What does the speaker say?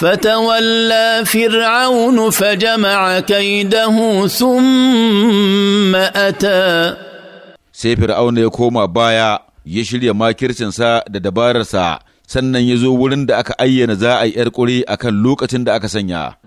فتولى فرعون فجمع كيده ثم أتى sai fir'aun ya koma baya ya shirya makircinsa da dabararsa sannan ya zo wurin da aka ayyana za a yi 'yar ƙuri a kan lokacin da aka sanya